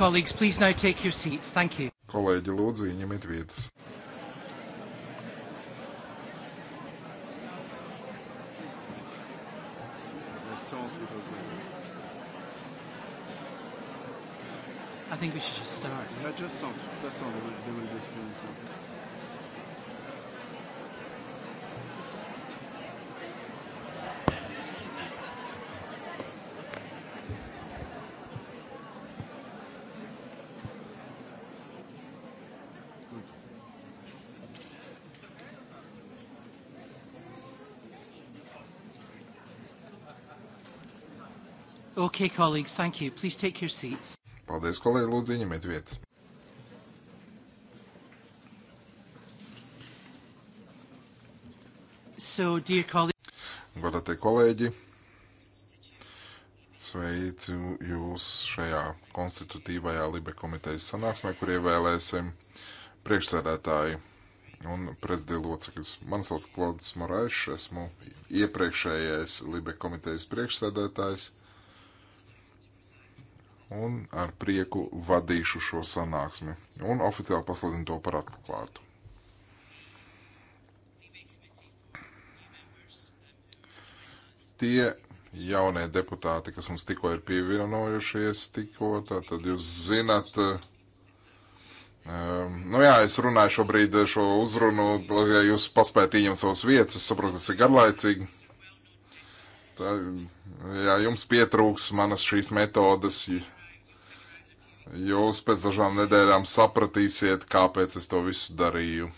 Colleagues, please now take your seats. Thank you. Kolēģi, lūdzu, ieņemiet vietas. I think we should just start. Yeah, just start. Just start. They will, they will Okay, colleagues, thank you. Please take your seats. Paldies, kolēģi, lūdzu, ieņemiet vietas. So, dear colleagues. Godātie kolēģi, sveicu jūs šajā konstitutīvajā Libe komitejas sanāksmē, kur ievēlēsim priekšsēdētāju un prezidiju locekļus. Mani sauc Klaudis Morais, esmu iepriekšējais Libe komitejas priekšsēdētājs un ar prieku vadīšu šo sanāksmi un oficiāli pasludinu to par atklātu. Tie jaunie deputāti, kas mums tikko ir pievienojušies, tikko, tad jūs zinat, Um, nu jā, es runāju šobrīd šo uzrunu, lai jūs paspētu ieņemt savas vietas. Es saprotu, tas ir garlaicīgi. Tā, jā, jums pietrūks manas šīs metodas. Jūs pēc dažām nedēļām sapratīsiet, kāpēc es to visu darīju.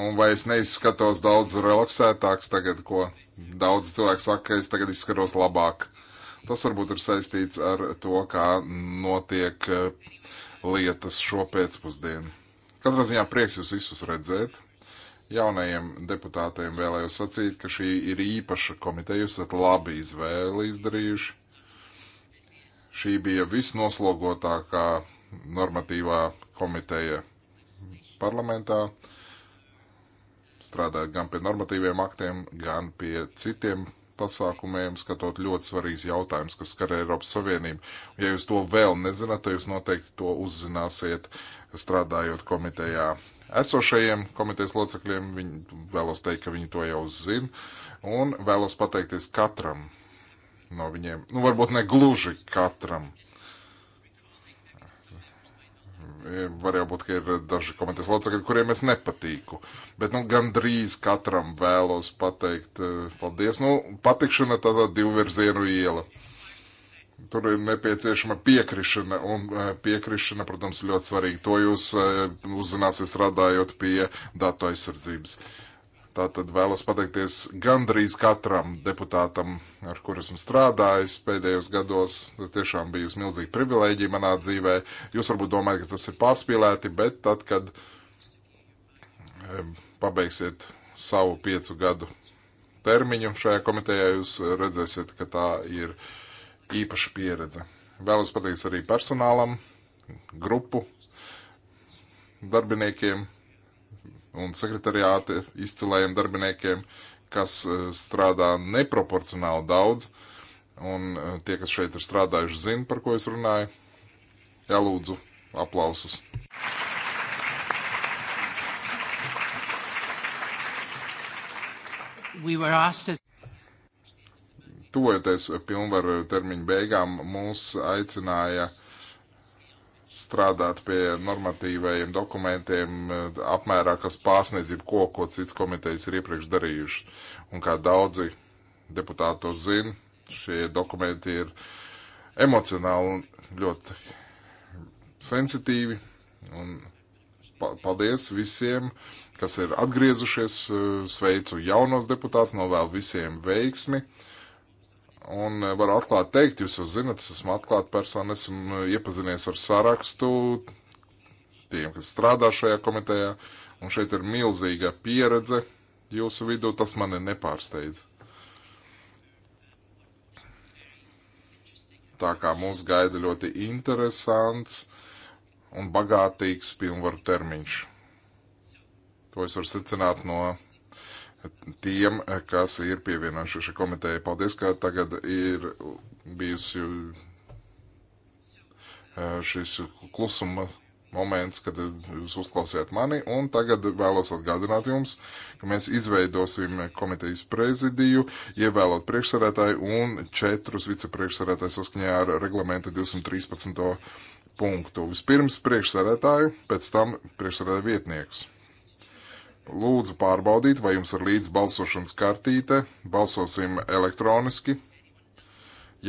Un vai es neizskatos daudz relaksētāks tagad, ko daudz cilvēku saka, ka es tagad izskatos labāk. Tas varbūt ir saistīts ar to, kā notiek eh, lietas šo pēcpusdienu. Katrā ziņā prieks jūs visus redzēt. Jaunajiem deputātiem vēlējos sacīt, ka šī ir īpaša komiteja, jūs esat labi izvēli izdarījuši Šī bija visnoslogotākā normatīvā komiteja parlamentā. Strādājot gan pie normatīviem aktiem, gan pie citiem pasākumiem, skatot ļoti svarīgs jautājums, kas skar Eiropas Savienību. Ja jūs to vēl nezināt, tad jūs noteikti to uzzināsiet strādājot komitejā. Esošajiem komitejas locekļiem viņi, vēlos teikt, ka viņi to jau zina, un vēlos pateikties katram no viņiem. Nu, varbūt ne gluži katram. E, Var jau būt, ka ir daži komentēs locekļi, kuriem es nepatīku. Bet, nu, gandrīz katram vēlos pateikt e, paldies. Nu, patikšana tādā divvirzienu iela. Tur ir nepieciešama piekrišana, un e, piekrišana, protams, ļoti svarīga. To jūs uzzināsiet strādājot pie datu aizsardzības. Uh, Tātad vēlos pateikties gandrīz katram deputātam, ar kuru esmu strādājis pēdējos gados. Tas tiešām bija milzīgi privilēģija manā dzīvē. Jūs varbūt domājat, ka tas ir pārspīlēti, bet tad, kad pabeigsiet savu piecu gadu termiņu šajā komitejā, jūs redzēsiet, ka tā ir īpaša pieredze. Vēlos pateikties arī personālam, grupu darbiniekiem un sekretariāta izcilējiem darbiniekiem, kas e, strādā neproporcionāli daudz, un e, tie, kas šeit ir strādājuši, zina, par ko es runāju. Jā, lūdzu, aplausus. We were asked as tuvojoties pilnvaru termiņu beigām, mūs aicināja uh, strādāt pie normatīvajiem dokumentiem apmērā, kas pārsniedz jebko, ko cits komitejas ir iepriekš darījuši. Un kā daudzi deputāti to zina, šie dokumenti ir emocionāli un ļoti sensitīvi. Un paldies visiem, kas ir atgriezušies. Sveicu jaunos deputātus, novēlu visiem veiksmi. Uh, Un varu atklāt teikt, jūs jau zinat, es esmu atklāta persona, esmu nu, iepazinies ar sarakstu tiem, kas strādā šajā komitejā, un šeit ir milzīga pieredze jūsu vidū, tas mani nepārsteidz. Tā kā mūs gaida ļoti interesants un bagātīgs pilnvaru termiņš. To es varu secināt no tiem, kas ir pievienojušies šai komitejai. Paldies, ka tagad ir bijusi e, šis klusuma moments, kad jūs uzklausījāt mani, un tagad vēlos atgādināt jums, ka mēs izveidosim komitejas prezidiju, ievēlot priekšsarētāju un četrus vicepriekšsarētāju saskaņā ar reglamenta 213. punktu. Vispirms priekšsarētāju, pēc tam priekšsarētāju vietniekus. Lūdzu pārbaudīt, vai jums ir līdz balsošanas kartīte. Balsosim elektroniski.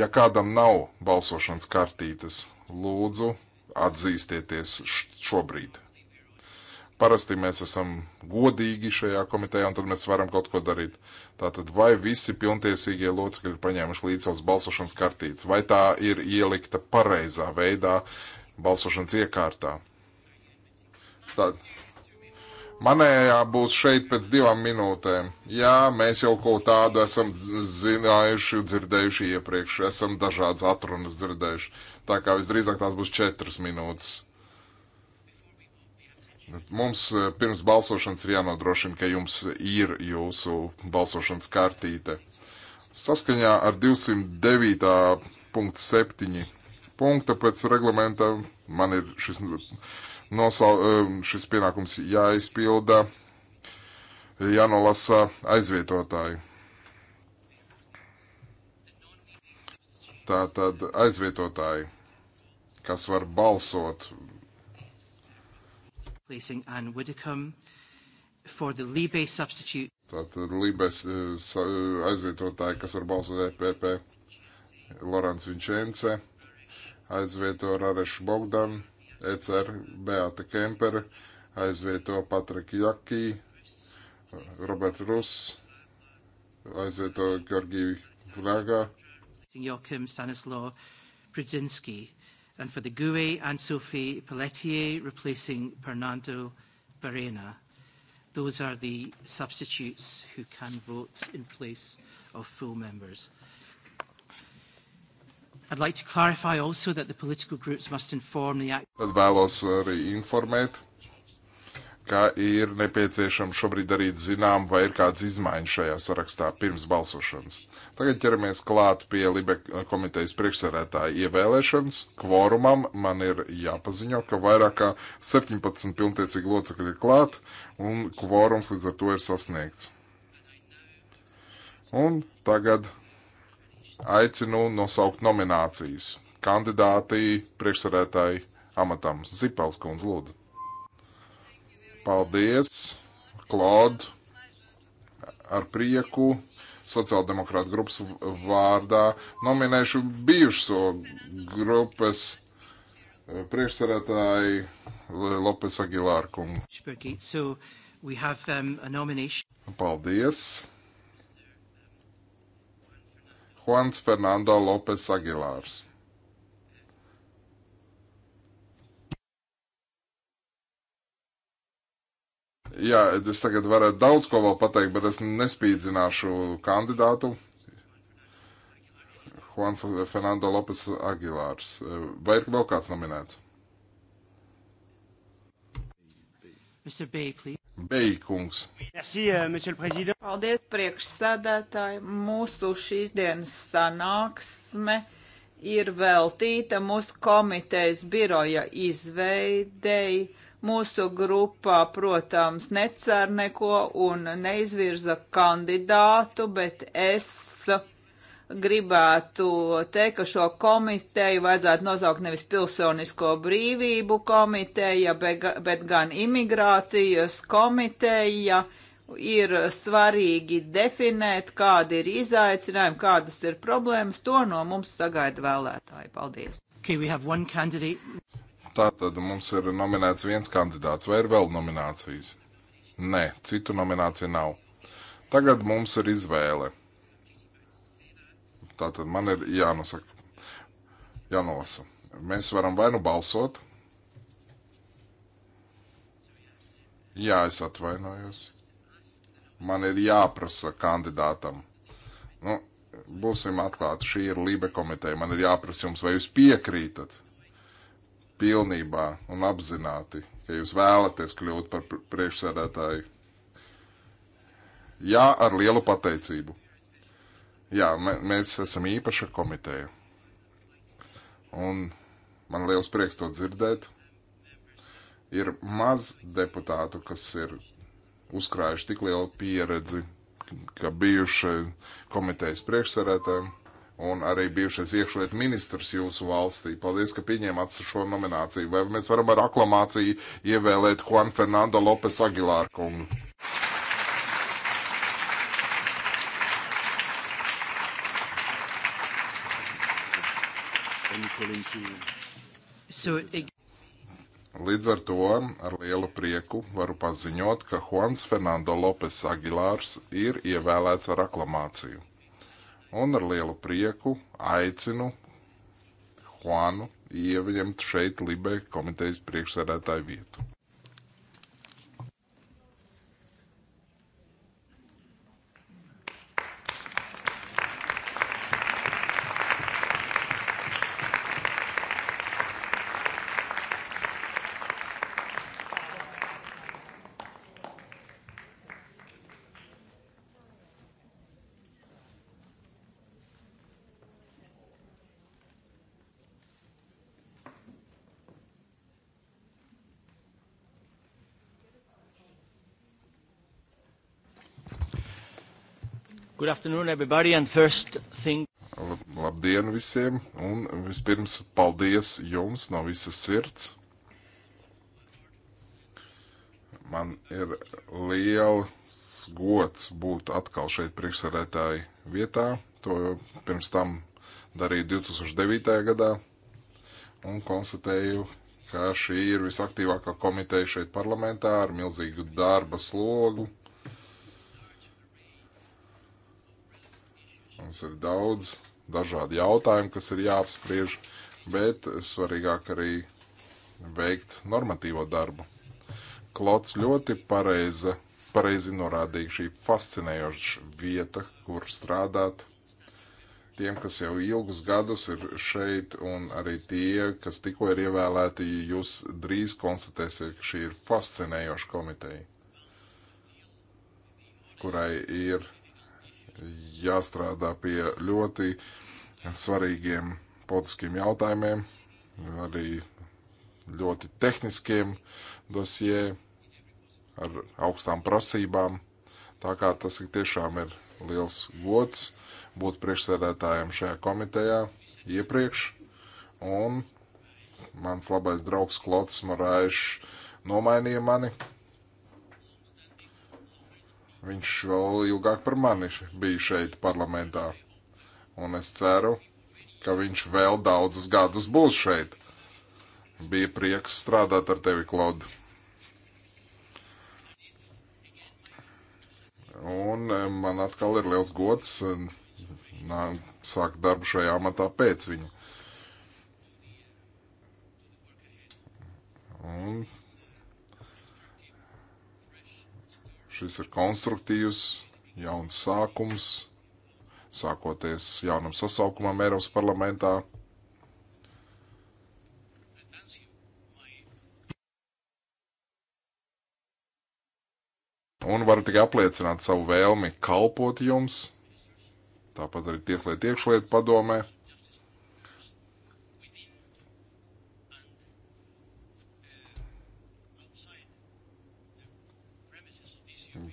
Ja kādam nav balsošanas kartītes, lūdzu atzīstieties šobrīd. Parasti mēs esam godīgi šajā komitejā, un tad mēs varam kaut ko darīt. Tātad, vai visi pilntiesīgie locekļi ir paņēmuši līdz savas balsošanas kartītes, vai tā ir ielikta pareizā veidā balsošanas iekārtā? Tātad Manējā būs šeit pēc divām minūtēm. Jā, mēs jau kaut tādu esam zinājuši, dzirdējuši iepriekš, esam dažādas atrunas dzirdējuši. Tā kā visdrīzāk tās būs četras minūtes. Mums eh, pirms balsošanas ir jānodrošina, ka jums ir jūsu balsošanas kartīte. Saskaņā ar 209.7 punkta pēc reglamenta man ir šis nosau, šis pienākums jāizpilda, jānolasa aizvietotāji. Tātad aizvietotāji, kas var balsot. Tātad Libes eh, eh, aizvietotāji, kas var balsot EPP, Lorants Vinčence, aizvieto Rarešu Bogdanu. ECR Beata Kempere aizvieto Patriku Jakī, Roberts Rus aizvieto Georgiju Vlaga. Joachim Stanislaw Brudzinski, and for the GUE, Anne-Sophie Pelletier replacing Fernando Barena. Those are the substitutes who can vote in place of full members. I'd like to clarify also that the political groups must inform the act. Tad vēlos arī informēt, ka ir nepieciešams šobrīd darīt zinām, vai ir kāds izmaiņas šajā sarakstā pirms balsošanas. Tagad ķeramies klāt pie Libe komitejas priekšsarētāja ievēlēšanas. Kvorumam man ir jāpaziņo, ka vairāk kā 17 pilntiesīgi locekļi ir klāt, un kvorums līdz ar to ir sasniegts. Un tagad Aicinu nosaukt nominācijas. Kandidāti priekšsarētāji amatam Zipels kundz lūdzu. Paldies, Klod, ar prieku sociāldemokrāta grupas vārdā nominēšu bijušo grupas eh, priekšsarētāju Lopes Agilārkumu. Um, Paldies! Juans Fernando Lopes Aguilārs. Jā, es tagad varētu daudz ko vēl pateikt, bet es nespīdzināšu kandidātu. Juans Fernando Lopes Aguilārs. Vai ir vēl kāds nominēts? Beikungs. Euh, Paldies, priekšsādātāji. Mūsu šīs dienas sanāksme ir veltīta mūsu komitejas biroja izveidei. Mūsu grupā, protams, necer neko un neizvirza kandidātu, bet es gribētu teikt, ka šo komiteju vajadzētu nosaukt nevis pilsonisko brīvību komiteja, bet, bet gan imigrācijas komiteja. Ir svarīgi definēt, kādi ir izaicinājumi, kādas ir problēmas. To no mums sagaida vēlētāji. Paldies! Okay, Tātad mums ir nominēts viens kandidāts, vai ir vēl nominācijas? Nē, citu nomināciju nav. Tagad mums ir izvēle. Tātad man ir jānosaka, jānolasa. Mēs varam vai nu balsot. Jā, es atvainojos. Man ir jāprasa kandidātam. Nu, būsim atklāti, šī ir Lībe komiteja. Man ir jāprasa jums, vai jūs piekrītat pilnībā un apzināti, ka jūs vēlaties kļūt par priekšsēdētāju. Jā, ar lielu pateicību. Jā, mēs esam īpaša komiteja. Un man liels prieks to dzirdēt. Ir maz deputātu, kas ir uzkrājuši tik lielu pieredzi, ka bijuši komitejas priekšsarētājiem un arī bijušais iekšlietu ministrs jūsu valstī. Paldies, ka pieņēmāt šo nomināciju. Vai mēs varam ar aklamāciju ievēlēt Juan Fernando Lopes Aguilar kungu? people into. So it... Līdz ar to ar lielu prieku varu paziņot, ka Juans Fernando Lopes Aguilārs ir ievēlēts ar aklamāciju. Un ar lielu prieku aicinu Juanu ieņemt šeit Libe komitejas priekšsēdētāju vietu. Good afternoon, everybody, and first thing. Labdien visiem, un vispirms paldies jums no visas sirds. Man ir liels gods būt atkal šeit priekšsarētāji vietā. To pirms tam darīju 2009. gadā un konstatēju, ka šī ir visaktīvākā komiteja šeit parlamentā ar milzīgu darba slogu Mums ir daudz dažādi jautājumi, kas ir jāapspriež, bet svarīgāk arī veikt normatīvo darbu. Klots ļoti pareiza, pareizi norādīja šī fascinējoša vieta, kur strādāt. Tiem, kas jau ilgus gadus ir šeit, un arī tie, kas tikko ir ievēlēti, jūs drīz konstatēsiet, ka šī ir fascinējoša komiteja, kurai ir jāstrādā pie ļoti svarīgiem politiskiem jautājumiem, arī ļoti tehniskiem dosjē ar augstām prasībām. Tā kā tas tiešām ir liels gods būt priekšsēdētājiem šajā komitejā iepriekš. Un mans labais draugs Klots Morājs nomainīja mani Viņš vēl ilgāk par mani bija šeit parlamentā. Un es ceru, ka viņš vēl daudzus gadus būs šeit. Bija prieks strādāt ar tevi, Klaud. Un eh, man atkal ir liels gods eh, nā, sākt darbu šajā amatā pēc viņa. Un Šis ir konstruktīvs, jauns sākums, sākoties jaunam sasaukumam Eiropas parlamentā. un varu tikai apliecināt savu vēlmi kalpot jums, tāpat arī Tieslietu iekšlietu padomē.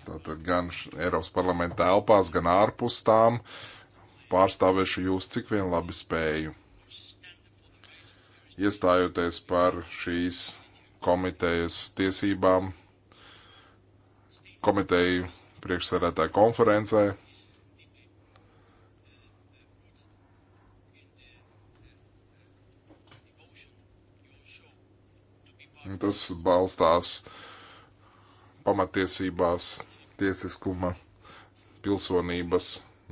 Tātad gan Eiropas parlamenta telpās, gan ārpus tām pārstāvēšu jūs cik vien labi spēju. Iestājoties par šīs komitejas tiesībām, komiteju priekšsēdētāju konferencē, Tas balstās pamatiesībās tiesiskuma, pilsonības,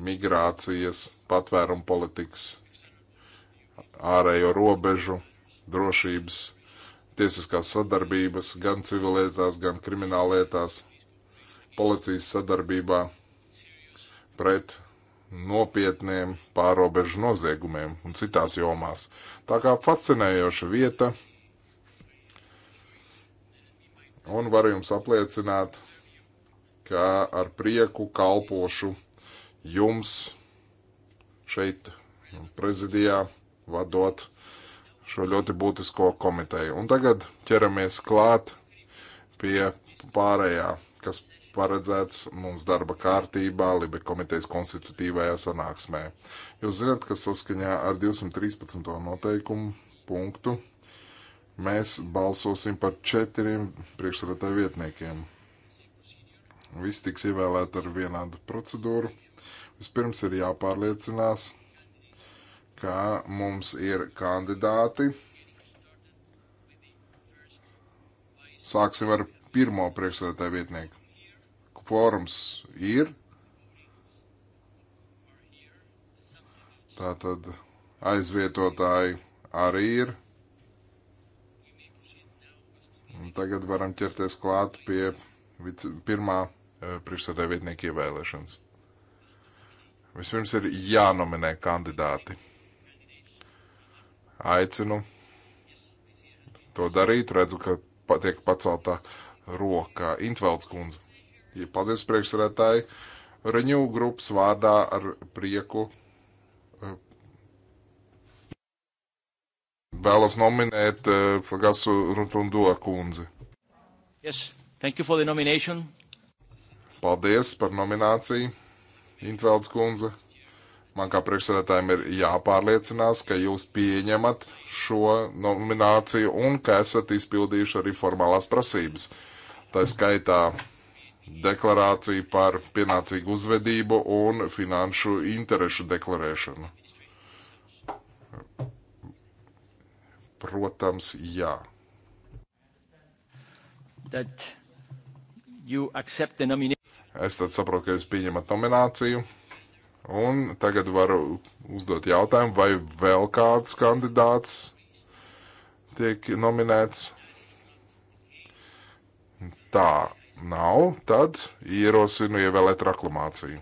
migrācijas, patvērumu politikas, ārējo robežu, drošības, tiesiskās sadarbības, gan civilietās, gan krimināllietās, policijas sadarbībā pret nopietniem pārobežu noziegumiem un citās jomās. Tā kā fascinējoša vieta, un varu jums apliecināt, ka ar prieku kalpošu jums šeit prezidijā vadot šo ļoti būtisko komiteju. Un tagad ķeramies klāt pie pārējā, kas paredzēts mums darba kārtībā Libe komitejas konstitutīvajā sanāksmē. Jūs zināt, ka saskaņā ar 213. noteikumu punktu mēs balsosim par četriem priekšsēdētāju vietniekiem. Visi tiks ievēlēti ar vienādu procedūru. Vispirms ir jāpārliecinās, ka mums ir kandidāti. Sāksim ar pirmo priekšsēdētāju vietnieku. Kvorums ir. Tātad aizvietotāji arī ir. Un tagad varam ķerties klāt pie pirmā E, priekšsēdē vietnieku ievēlēšanas. Vispirms ir jānominē kandidāti. Aicinu to darīt. Redzu, ka tiek pacelta roka Intvelds kundze. Ja paldies priekšsēdētāji. Reņū grupas vārdā ar prieku e, vēlos nominēt Flagasu e, Runtundo kundzi. Yes, thank you for the nomination. Paldies par nomināciju, Intvelds kundze. Man kā priekšsēdētājiem ir jāpārliecinās, ka jūs pieņemat šo nomināciju un ka esat izpildījuši arī formālās prasības. Tā skaitā deklarāciju par pienācīgu uzvedību un finanšu interešu deklarēšanu. Protams, jā. That you accept the nomination. Es tad saprotu, ka jūs pieņemat nomināciju. Un tagad varu uzdot jautājumu, vai vēl kāds kandidāts tiek nominēts. Tā nav, tad ierosinu ievēlēt reklamāciju.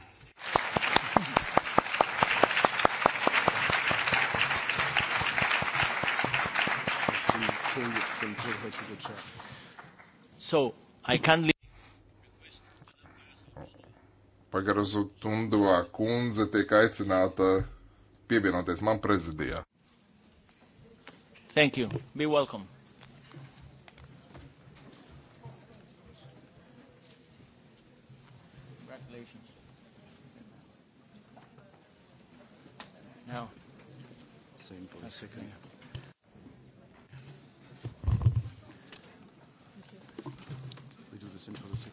So, I can't leave. Pagarazu Tundovā kundze tiek aicināta pievienoties man prezidijā. Thank you. Be welcome. Congratulations. Now. Same for the second.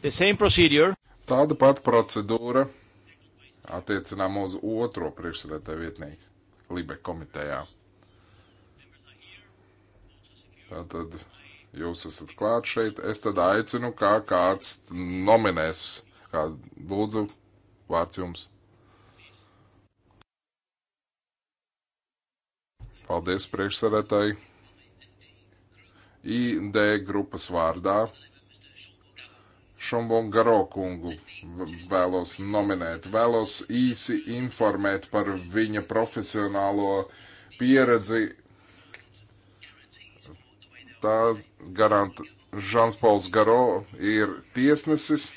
The same procedure. Tāda pati procedūra attiecinām uz otro priekšsēdētāju vietnieku Libe komitejā. Tātad jūs esat klāt šeit. Es tad aicinu, kā kāds nominēs, kā lūdzu, vārds jums. Paldies priekšsarētāji. ID grupas vārdā Šombon Garo kungu vēlos nominēt. Vēlos īsi informēt par viņa profesionālo pieredzi. Tā garant Žans Pauls Garo ir tiesnesis,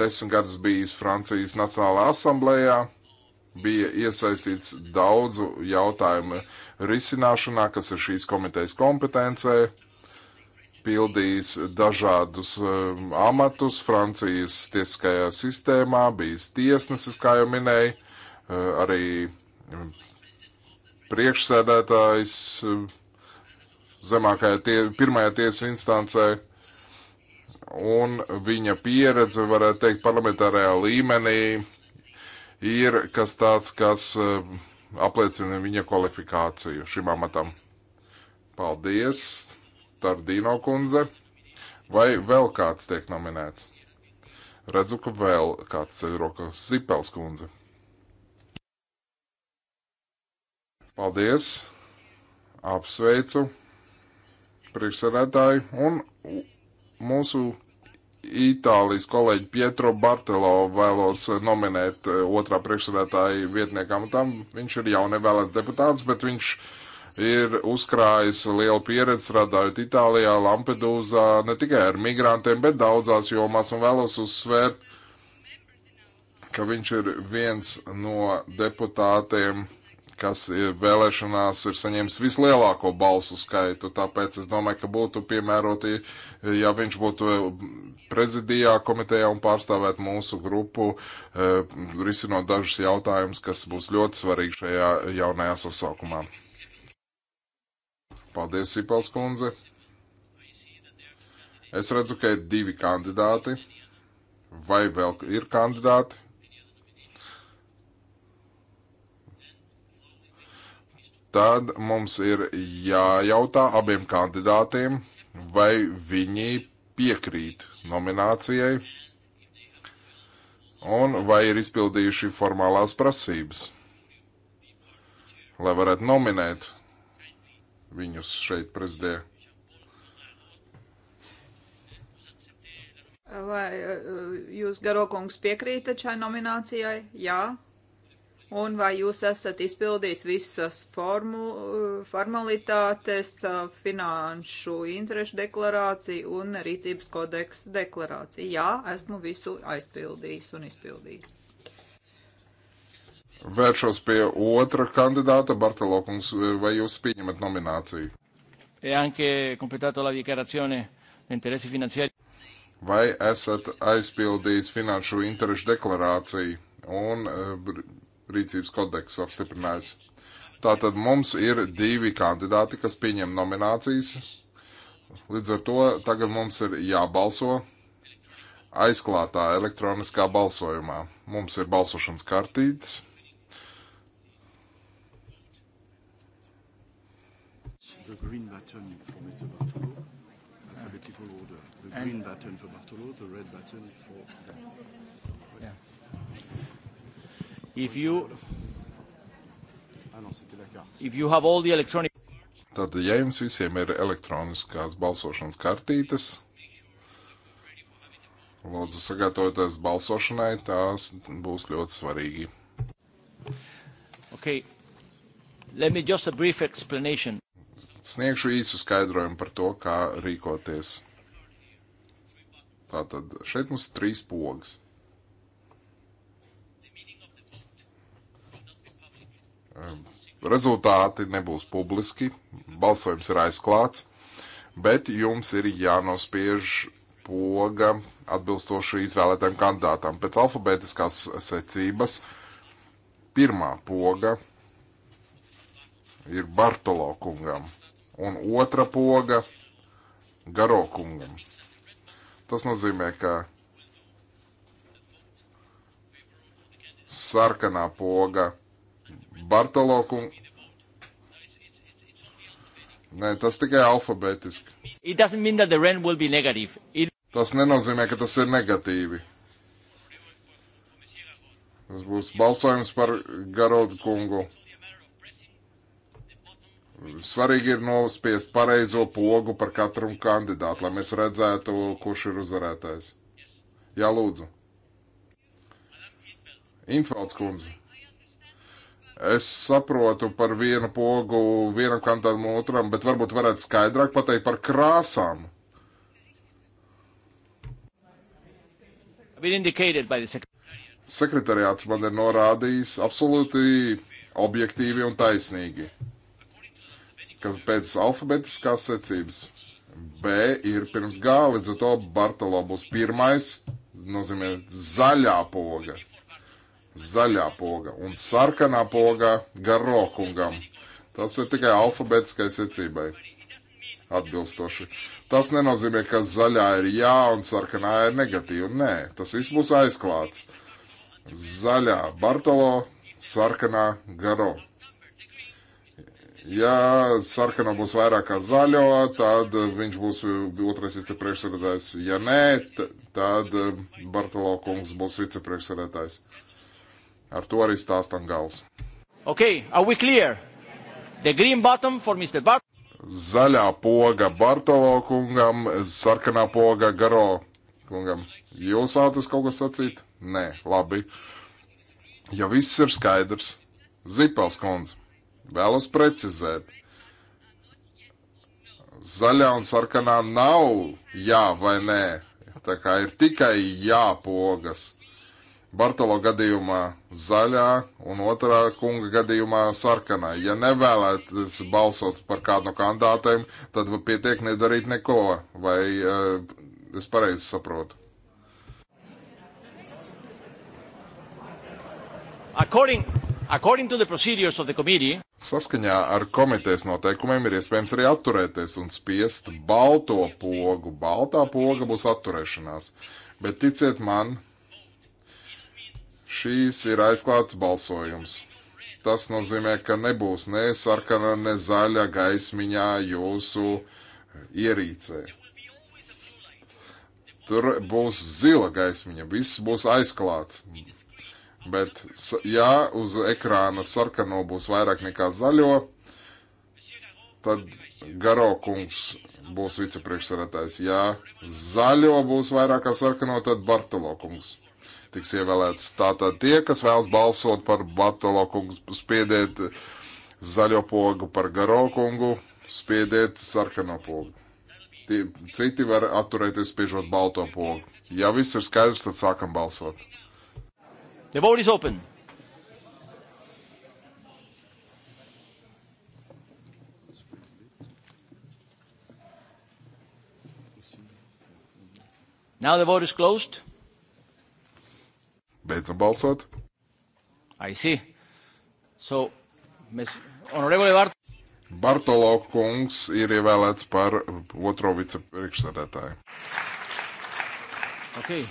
desmit gadus bijis Francijas Nacionālajā asamblējā, bija iesaistīts daudzu jautājumu risināšanā, kas ir šīs komitejas kompetencē pildījis dažādus um, amatus Francijas tiesiskajā sistēmā, bijis tiesnesis, kā jau minēju, uh, arī um, priekšsēdētājs um, zemākajā tie, pirmajā tiesa instancē. Un viņa pieredze, varētu teikt, parlamentārajā līmenī ir kas tāds, kas apliecina viņa kvalifikāciju šim amatam. Paldies! Tardīno kundze. Vai vēl kāds tiek nominēts? Redzu, ka vēl kāds ceļ rokas Zipels kundze. Paldies! Apsveicu priekšsēdētāju un mūsu Itālijas kolēģi Pietro Bartelo vēlos nominēt eh, otrā priekšsēdētāja vietniekam. Tam viņš ir jaunievēlēts deputāts, bet viņš uh, ir uzkrājis lielu pieredzi strādājot Itālijā, Lampedūzā, ne tikai ar migrantiem, bet daudzās jomās un vēlos uzsvērt, ka viņš ir viens no deputātiem, kas ir vēlēšanās ir saņēmis vislielāko balsu skaitu, tāpēc es domāju, ka būtu piemēroti, ja viņš būtu prezidijā komitejā un pārstāvēt mūsu grupu, eh, risinot dažus jautājumus, kas būs ļoti svarīgi šajā jaunajā sasaukumā. Paldies, Sipels kundze. Es redzu, ka ir divi kandidāti. Vai vēl ir kandidāti? Tad mums ir jājautā abiem kandidātiem, vai viņi piekrīt nominācijai un vai ir izpildījuši formālās prasības, lai varētu nominēt viņus šeit prezidē. Vai e, jūs, Garokungs, piekrītat šai nominācijai? Jā. Un vai jūs esat izpildījis visas formu, e, formalitātes, e, finanšu interešu deklarāciju un rīcības kodeksa deklarāciju? Jā, esmu visu aizpildījis un izpildījis. Vēršos pie otra kandidāta, Bartolokungs, vai jūs pieņemat nomināciju? E vai esat aizpildījis finanšu interešu deklarāciju un e, rīcības kodeksu apstiprinājis? Tātad mums ir divi kandidāti, kas pieņem nominācijas. Līdz ar to tagad mums ir jābalso aizklātā elektroniskā balsojumā. Mums ir balsošanas kartītes. the green button for Mr. Bartolo, alphabetical order. The green and button for Bartolo, the red button for. Yeah. If you. Ah, non, c'était la carte. If you have all the electronic. Tātad, ja jums visiem ir elektroniskās balsošanas kartītes, lūdzu sagatavoties balsošanai, tās būs ļoti svarīgi. Okay. Let me just a brief explanation. Sniegšu īsu skaidrojumu par to, kā rīkoties. Tātad šeit mums ir trīs pogas. Ehm, rezultāti nebūs publiski, balsojums ir aizklāts, bet jums ir jānospiež poga atbilstoši izvēlētajam kandidātam. Pēc alfabētiskās secības pirmā poga ir Bartolo kungam un otra poga garo kungam. Tas nozīmē, ka sarkanā poga Bartolo kungam. Nē, tas tikai alfabētiski. It... Tas nenozīmē, ka tas ir negatīvi. Tas būs balsojums par Garodu kungu. Svarīgi ir nospiest pareizo pogu par katru kandidātu, lai mēs redzētu, kurš ir uzvarētājs. Jā, lūdzu. Infelds kundze. Es saprotu par vienu pogu vienam kandidātam otram, bet varbūt varētu skaidrāk pateikt par krāsām. Sekretariāts man ir norādījis absolūti objektīvi un taisnīgi kas pēc alfabetiskās secības. B ir pirms G, līdz ar to Bartolo būs pirmais, nozīmē zaļā poga. Zaļā poga un sarkanā poga garo kungam. Tas ir tikai alfabetiskai secībai atbilstoši. Tas nenozīmē, ka zaļā ir jā un sarkanā ir negatīva. Nē, tas viss būs aizklāts. Zaļā Bartolo, sarkanā garo. Ja sarkana būs vairāk kā zaļo, tad viņš būs otrais vicepriekšsēdētājs. Ja nē, tad eh, Bartolo kungs būs vicepriekšsēdētājs. Ar to arī stāstam gals. Okay, are we clear? The green button for Mr. Bart Zaļā poga Bartolo kungam, sarkanā poga Garo kungam. Jūs vēlaties kaut ko sacīt? Nē, labi. Ja viss ir skaidrs, Zipels kundze. Vēlos precizēt. Zaļā un sarkanā nav jā vai nē. Tā kā ir tikai jāpogas. Bartolo gadījumā zaļā un otrā kunga gadījumā sarkanā. Ja nevēlēties balsot par kādu no kandidātēm, tad pietiek nedarīt neko, vai uh, es pareizi saprotu. According, Saskaņā ar komitejas noteikumiem ir iespējams arī atturēties un spiest balto pogu. Baltā poga būs atturēšanās. Bet ticiet man, šīs ir aizklāts balsojums. Tas nozīmē, ka nebūs ne sarkana, ne zaļa gaismiņā jūsu ierīcē. Tur būs zila gaismiņa, viss būs aizklāts. Bet, ja uz ekrāna sarkano būs vairāk nekā zaļo, tad Garo kungs būs vicepriekšsarētājs. Ja zaļo būs vairāk kā sarkano, tad Bartolo kungs tiks ievēlēts. Tātad tie, kas vēlas balsot par Bartolo kungu, spiediet zaļo pogu par Garo kungu, spiediet sarkano pogu. Tie, citi var atturēties spiežot balto pogu. Ja viss ir skaidrs, tad sākam balsot. The vote is open. Now the vote is closed. Beidzam balsot. I see. So, Ms. Honorable Bart. Bartolo kungs ir ievēlēts par otro vicepriekšsēdētāju. Okay.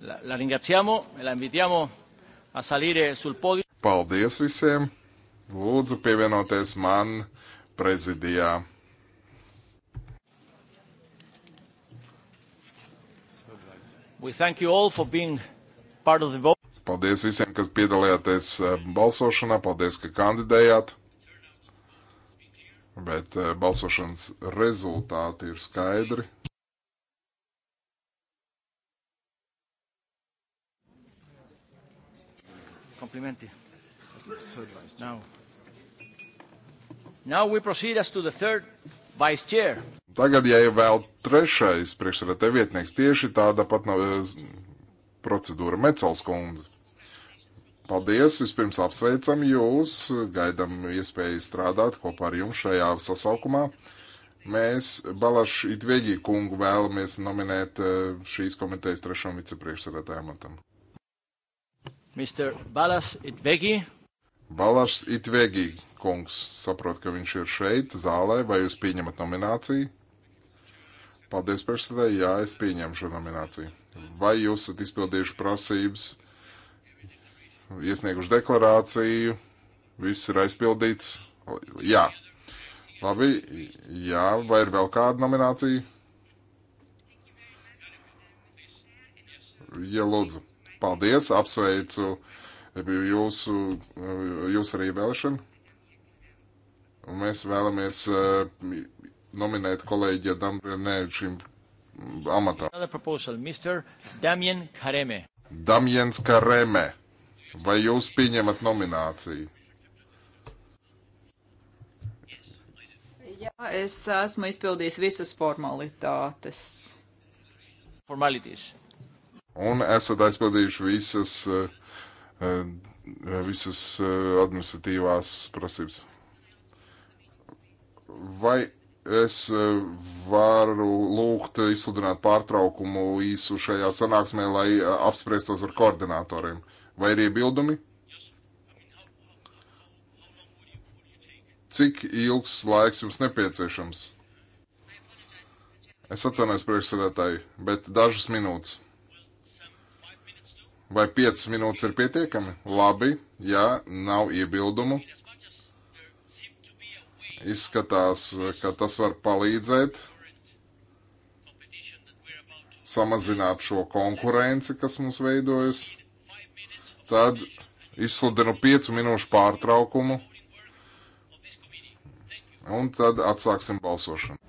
La, la ringraziamo e la invitiamo a salire sul podio. Paldies visiem! Lūdzu pievienoties man prezidijā. We thank you all for being part of the vote. Paldies visiem, kas piedalījāties eh, balsošanā, paldies, ka kandidējāt. Bet eh, balsošanas rezultāti ir skaidri. complimenti. Now. Now we proceed as to the third vice chair. Tagad, ja ir vēl trešais priekšsēdētāja vietnieks, tieši tāda pat nav eh, procedūra Mecels kundze. Paldies, vispirms apsveicam jūs, gaidam iespēju strādāt kopā ar jums šajā sasaukumā. Mēs Balašu Itveģī kungu vēlamies nominēt eh, šīs komitejas trešam vicepriekšsēdētājam atam. Mr. Balas Itvegi. Balas Itvegi, kungs, saprot, ka viņš ir šeit, zālē, vai jūs pieņemat nomināciju? Paldies, priekšsēdētāji, jā, es pieņemu šo nomināciju. Vai jūs esat izpildījuši prasības, iesnieguši deklarāciju, viss ir aizpildīts? Jā. Labi, jā, vai ir vēl kāda nominācija? Ja lūdzu. Paldies, apsveicu jūsu, jūs arī vēlšanu. Un mēs vēlamies eh, nominēt kolēģi Dambrienē šim amatam. Damien Kareme. Damiens Kareme. Vai jūs pieņemat nomināciju? Jā, es esmu izpildījis visas formalitātes. Formalitātes un esat aizpildījuši visas, eh, eh, visas eh, administratīvās prasības. Vai es varu lūgt izsludināt pārtraukumu īsu šajā sanāksmē, lai apspriestos ar koordinatoriem? Vai ir iebildumi? Cik ilgs laiks jums nepieciešams? Es atvainojos priekšsēdētāji, bet dažas minūtes. Vai 5 minūtes ir pietiekami? Labi, ja nav iebildumu. Izskatās, ka tas var palīdzēt samazināt šo konkurenci, kas mums veidojas. Tad izsludinu 5 minūšu pārtraukumu un tad atsāksim balsošanu.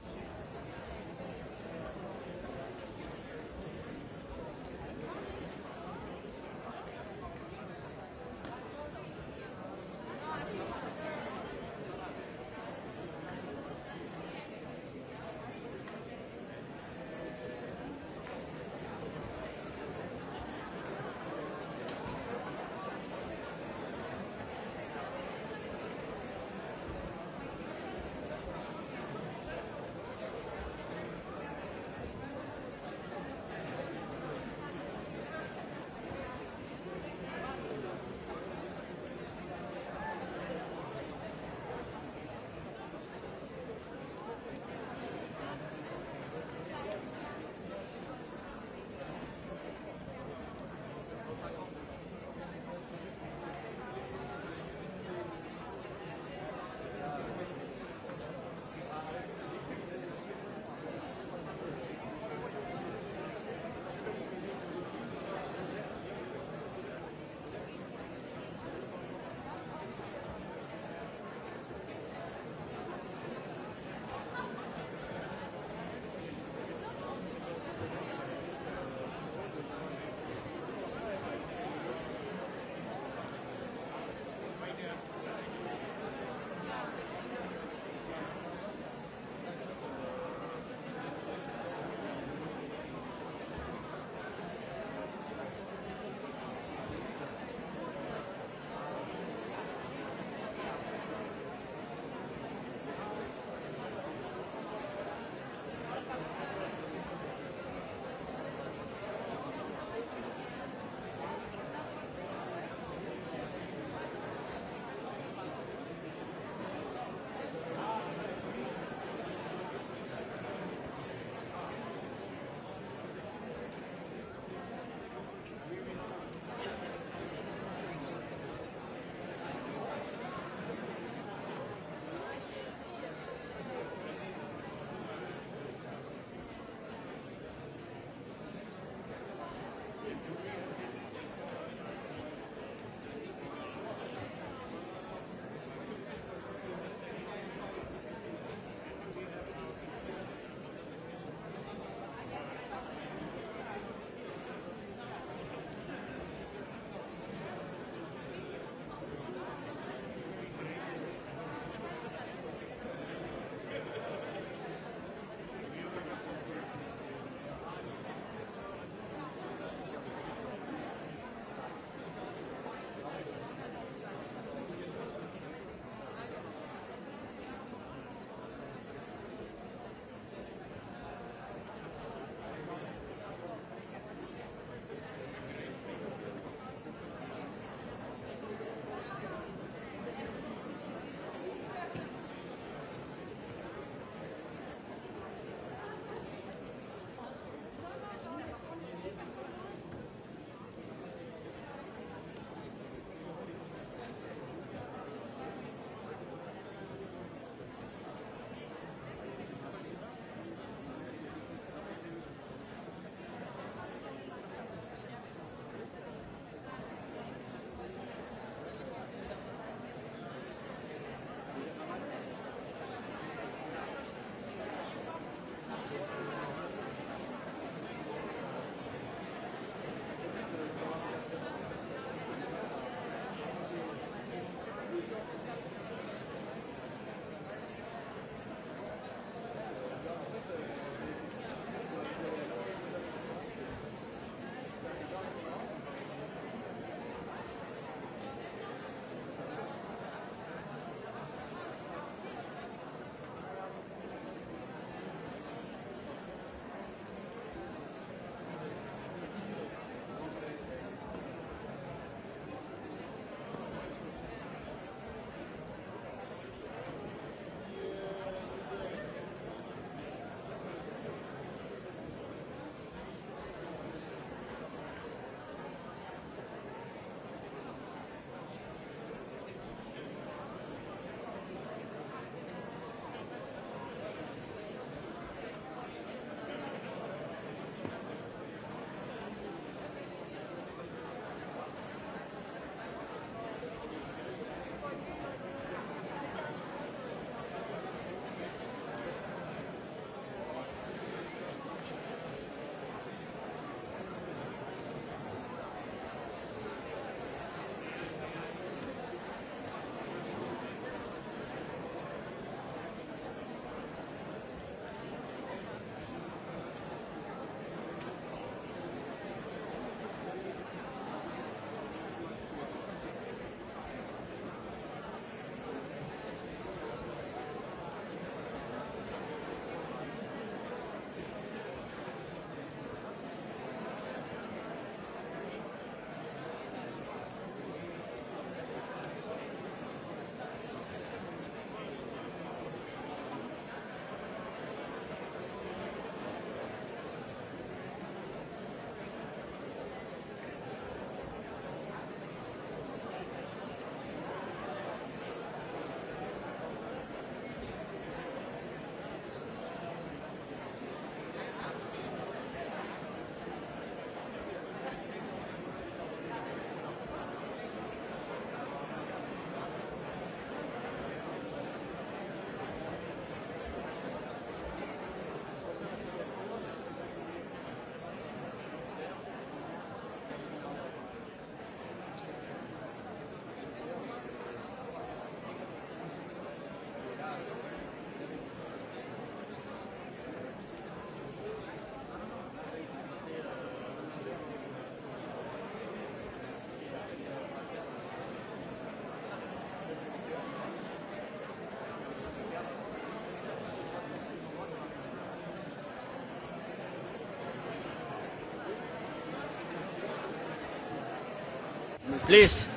Please.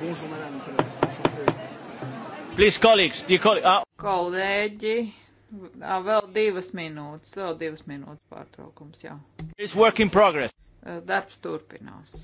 Please, colleagues. Colleague. Ah. Kolēģi, ah, vēl divas minūtes, vēl divas minūtes pārtraukums, jā. It's work in progress. Darbs turpinās.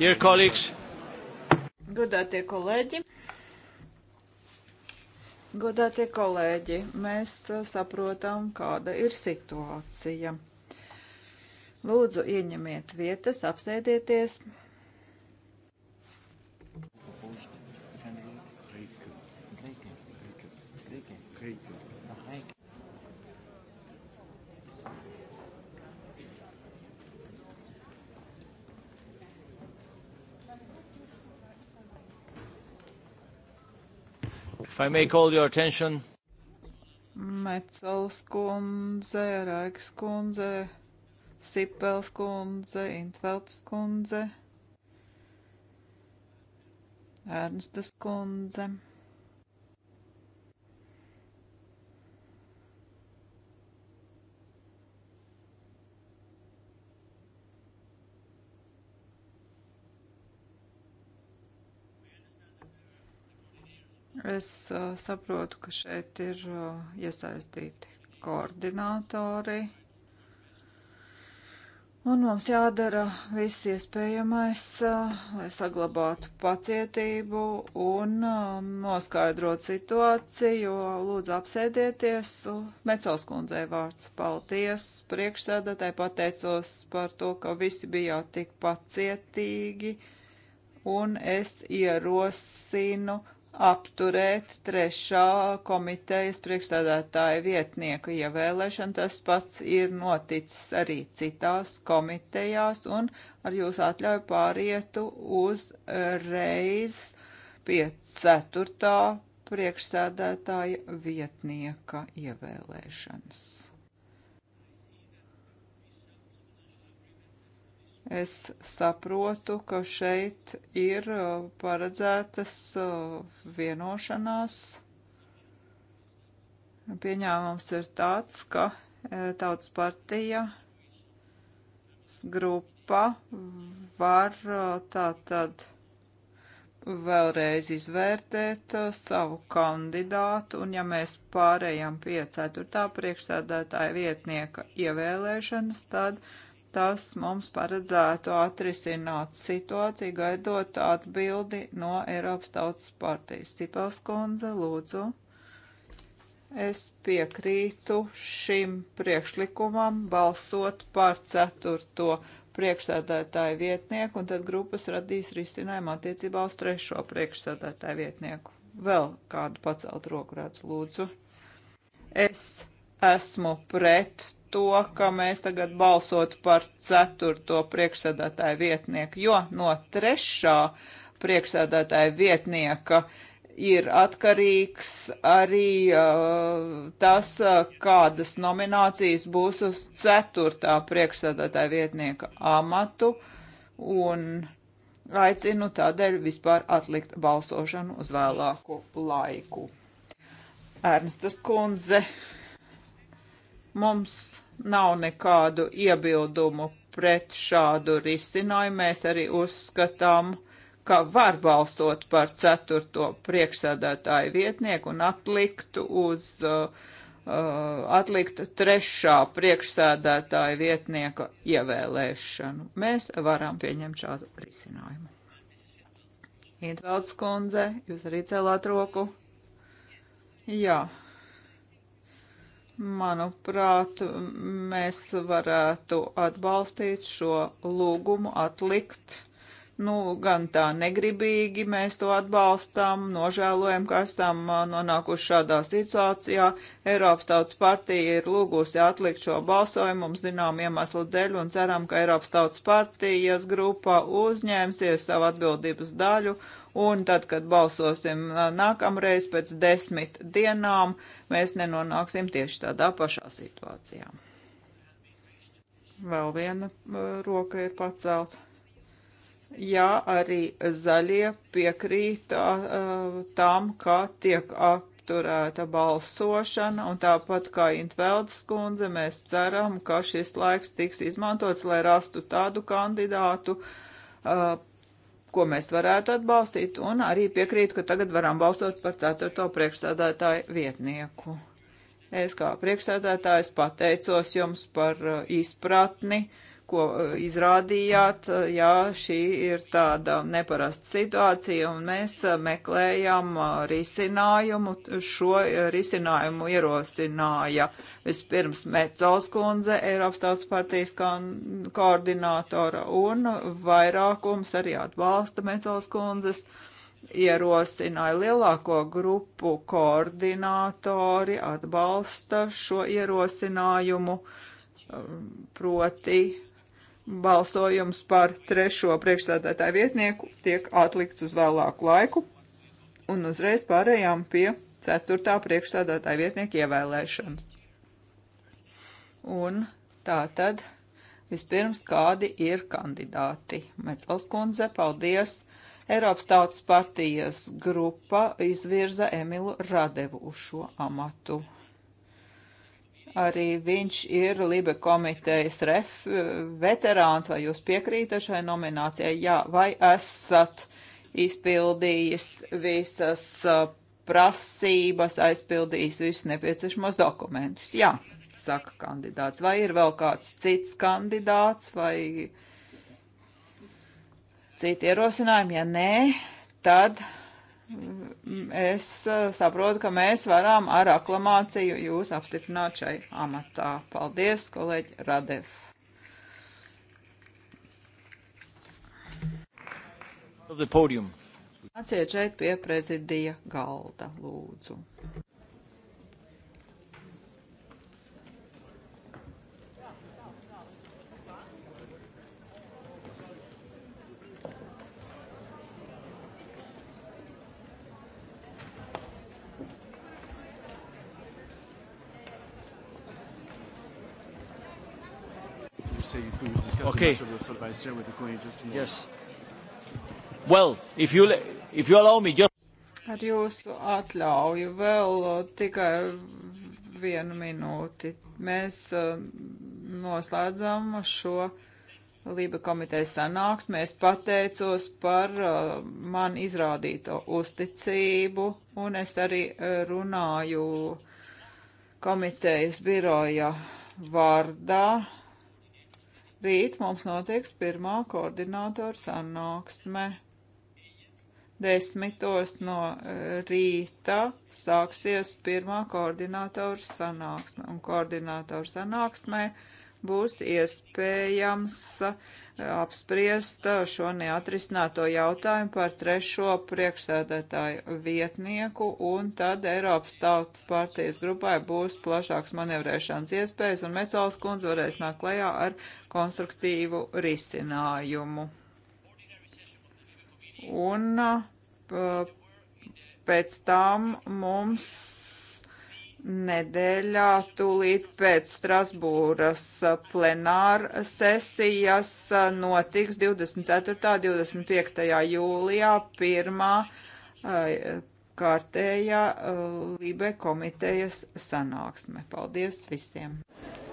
Dear colleagues. Godātie kolēģi. Godātie kolēģi, mēs saprotam, kāda ir situācija. Lūdzu, ieņemiet vietas, apsēdieties. I may call your attention. Mecels kundze, Raiks kundze, Sipels kundze, Intveltas kundze, Ernstas kundze. Es saprotu, ka šeit ir iesaistīti koordinātori. Un mums jādara viss iespējamais, lai saglabātu pacietību un noskaidrot situāciju. Lūdzu, apsēdieties. Mecels kundzei vārds paldies. Priekšsēdētāji pateicos par to, ka visi bijāt tik pacietīgi. Un es ierosinu apturēt trešā komitejas priekšstādātāja vietnieku ievēlēšanu. Tas pats ir noticis arī citās komitejās un ar jūsu atļauju pārietu uzreiz pie ceturtā priekšstādātāja vietnieka ievēlēšanas. Es saprotu, ka šeit ir uh, paredzētas uh, vienošanās. Pieņēmums ir tāds, ka uh, tautas partija grupa var tātad vēlreiz izvērtēt savu kandidātu, un ja mēs pārējām pie ceturtā priekšsēdētāja vietnieka ievēlēšanas, tad uh, tas mums paredzētu atrisināt situāciju, gaidot atbildi no Eiropas Tautas partijas. Cipels kundze, lūdzu. Es piekrītu šim priekšlikumam balsot par ceturto priekšsēdētāju vietnieku, un tad grupas radīs risinājumu attiecībā uz trešo priekšsēdētāju vietnieku. Vēl kādu pacelt roku redzu, lūdzu. Es esmu pret to, ka mēs tagad balsotu par ceturto priekšsēdētāju vietnieku, jo no trešā priekšsēdētāja vietnieka ir atkarīgs arī uh, tas, uh, kādas nominācijas būs uz ceturtā priekšsēdētāja vietnieka amatu, un aicinu tādēļ vispār atlikt balsošanu uz vēlāku laiku. Ernstas kundze. Mums nav nekādu iebildumu pret šādu risinājumu. Mēs arī uzskatām, ka var balstot par ceturto priekšsēdētāju vietnieku un atlikt uz uh, uh, atlikt trešā priekšsēdētāja vietnieka ievēlēšanu. Mēs varam pieņemt šādu risinājumu. Ietvelds kundze, jūs arī celāt roku? Jā, Manuprāt, mēs varētu atbalstīt šo lūgumu, atlikt. Nu, gan tā negribīgi mēs to atbalstam, nožēlojam, ka esam uh, nonākuši šādā situācijā. Eiropas Tautas partija ir lūgusi atlikt šo balsojumu mums zinām iemeslu dēļ un ceram, ka Eiropas Tautas partijas grupā uzņēmsies savu atbildības daļu un tad, kad balsosim uh, nākamreiz pēc desmit dienām, mēs nenonāksim tieši tādā pašā situācijā. Vēl viena uh, roka ir pacelta. Jā, arī zaļie piekrīt uh, uh, tam, ka tiek apturēta balsošana, un tāpat kā Intveldes kundze, mēs ceram, ka šis laiks tiks izmantots, lai rastu tādu kandidātu uh, ko mēs varētu atbalstīt, un arī piekrītu, ka tagad varam balsot par ceturto priekšsēdētāju vietnieku. Es kā priekšsēdētājs pateicos jums par uh, izpratni. Uh, ko izrādījāt, jā, šī ir tāda neparasta situācija, un mēs meklējam uh, risinājumu. Šo uh, risinājumu ierosināja vispirms Mecols kundze, Eiropas tautas partijas koordinātora, un vairākums arī atbalsta Mecols kundzes ierosināja lielāko grupu koordinātori atbalsta šo ierosinājumu, um, proti balsojums par trešo priekšsēdētāju vietnieku tiek atlikts uz vēlāku laiku, un uzreiz pārējām pie ceturtā priekšsēdētāja vietnieka ievēlēšanas. Un tā tad vispirms kādi ir kandidāti. Mecels kundze, paldies! Eiropas Tautas partijas grupa izvirza Emilu Radevu uz šo amatu. Arī viņš ir Libe komitejas ref eh, veterāns. Vai jūs piekrītat šai nominācijai? Jā, vai esat izpildījis visas eh, prasības, aizpildījis visus nepieciešamos dokumentus? Jā, saka kandidāts. Vai ir vēl kāds cits kandidāts vai citi ierosinājumi? Ja nē, tad es eh, saprotu, ka mēs varam ar aklamāciju jūs apstiprināt šai amatā. Paldies, kolēģi Radev. Nāciet šeit pie prezidija galda, lūdzu. say you could discuss okay. the matter with Vice Chair with the coin just tomorrow. Yes. Well, if you, if you allow me, just... Ar jūsu atļauju vēl uh, tikai vienu minūti. Mēs uh, noslēdzam šo Lība komitejas sanāksmi. Es pateicos par uh, man izrādīto uzticību un es arī runāju komitejas biroja vārdā. Rīt mums notiks pirmā koordinātora sanāksme. Desmitos no e, rīta sāksies pirmā koordinātora sanāksme, un koordinātora sanāksmē būs iespējams uh, apspriesta šo neatrisināto jautājumu par trešo priekšsēdētāju vietnieku, un tad Eiropas tautas partijas grupai būs plašāks manevrēšanas iespējas, un Mecāls kundze varēs nākt klajā ar konstruktīvu risinājumu. Un uh, pēc tam mums nedēļā tūlīt pēc Strasbūras plenāra sesijas notiks 24. 25. jūlijā pirmā kārtējā Lībe komitejas sanāksme. Paldies visiem!